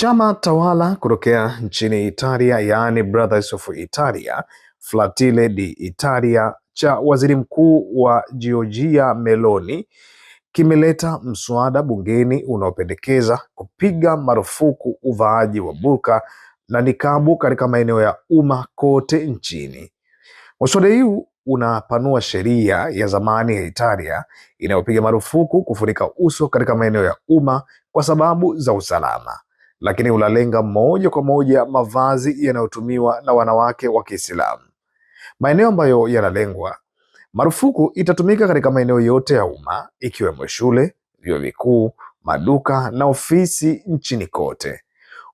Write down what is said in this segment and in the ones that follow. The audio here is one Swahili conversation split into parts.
Chama tawala kutokea nchini Italia yaani Brothers of Italia, di Italia, cha waziri mkuu wa Giorgia Meloni kimeleta mswada bungeni unaopendekeza kupiga marufuku uvaaji wa burka na nikabu katika maeneo ya umma kote nchini. Mswada huu unapanua sheria ya zamani ya Italia inayopiga marufuku kufunika uso katika maeneo ya umma kwa sababu za usalama lakini unalenga moja kwa moja mavazi yanayotumiwa na wanawake wa Kiislamu. Maeneo ambayo yanalengwa, marufuku itatumika katika maeneo yote ya umma ikiwemo shule, vyuo vikuu, maduka na ofisi nchini kote.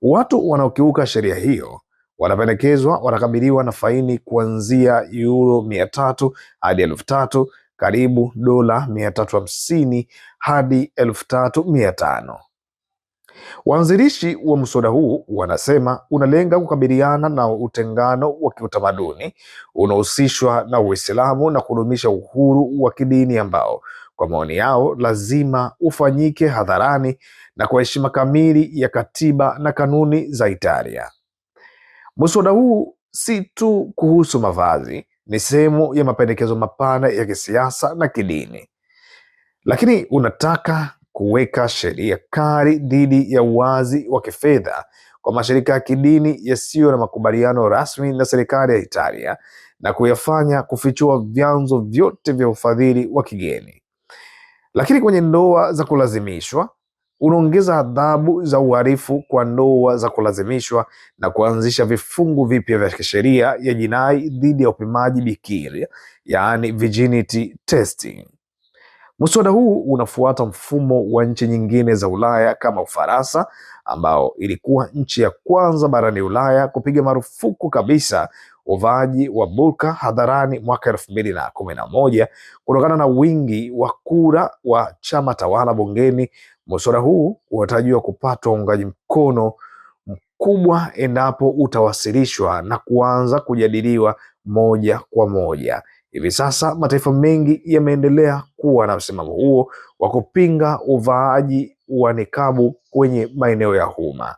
Watu wanaokiuka sheria hiyo wanapendekezwa watakabiliwa na faini kuanzia euro mia tatu hadi elfu tatu karibu dola mia tatu hamsini hadi elfu tatu mia tano Waanzilishi wa mswada huu wanasema unalenga kukabiliana na utengano wa kiutamaduni unaohusishwa na Uislamu na kudumisha uhuru wa kidini ambao kwa maoni yao lazima ufanyike hadharani na kwa heshima kamili ya katiba na kanuni za Italia. Mswada huu si tu kuhusu mavazi, ni sehemu ya mapendekezo mapana ya kisiasa na kidini, lakini unataka kuweka sheria kali dhidi ya uwazi wa kifedha kwa mashirika ya kidini yasiyo na makubaliano rasmi na serikali ya Italia na kuyafanya kufichua vyanzo vyote vya ufadhili wa kigeni. Lakini kwenye ndoa za kulazimishwa unaongeza adhabu za uhalifu kwa ndoa za kulazimishwa na kuanzisha vifungu vipya vya kisheria ya jinai dhidi ya upimaji bikira, yaani virginity testing. Muswada huu unafuata mfumo wa nchi nyingine za Ulaya kama Ufaransa, ambao ilikuwa nchi ya kwanza barani Ulaya kupiga marufuku kabisa uvaaji wa burka hadharani mwaka elfu mbili na kumi na moja kutokana na wingi wa kura wa chama tawala bungeni. Muswada huu unatarajiwa kupatwa uungaji mkono mkubwa endapo utawasilishwa na kuanza kujadiliwa moja kwa moja. Hivi sasa mataifa mengi yameendelea kuwa na msimamo huo wa kupinga uvaaji wa nikabu kwenye maeneo ya umma.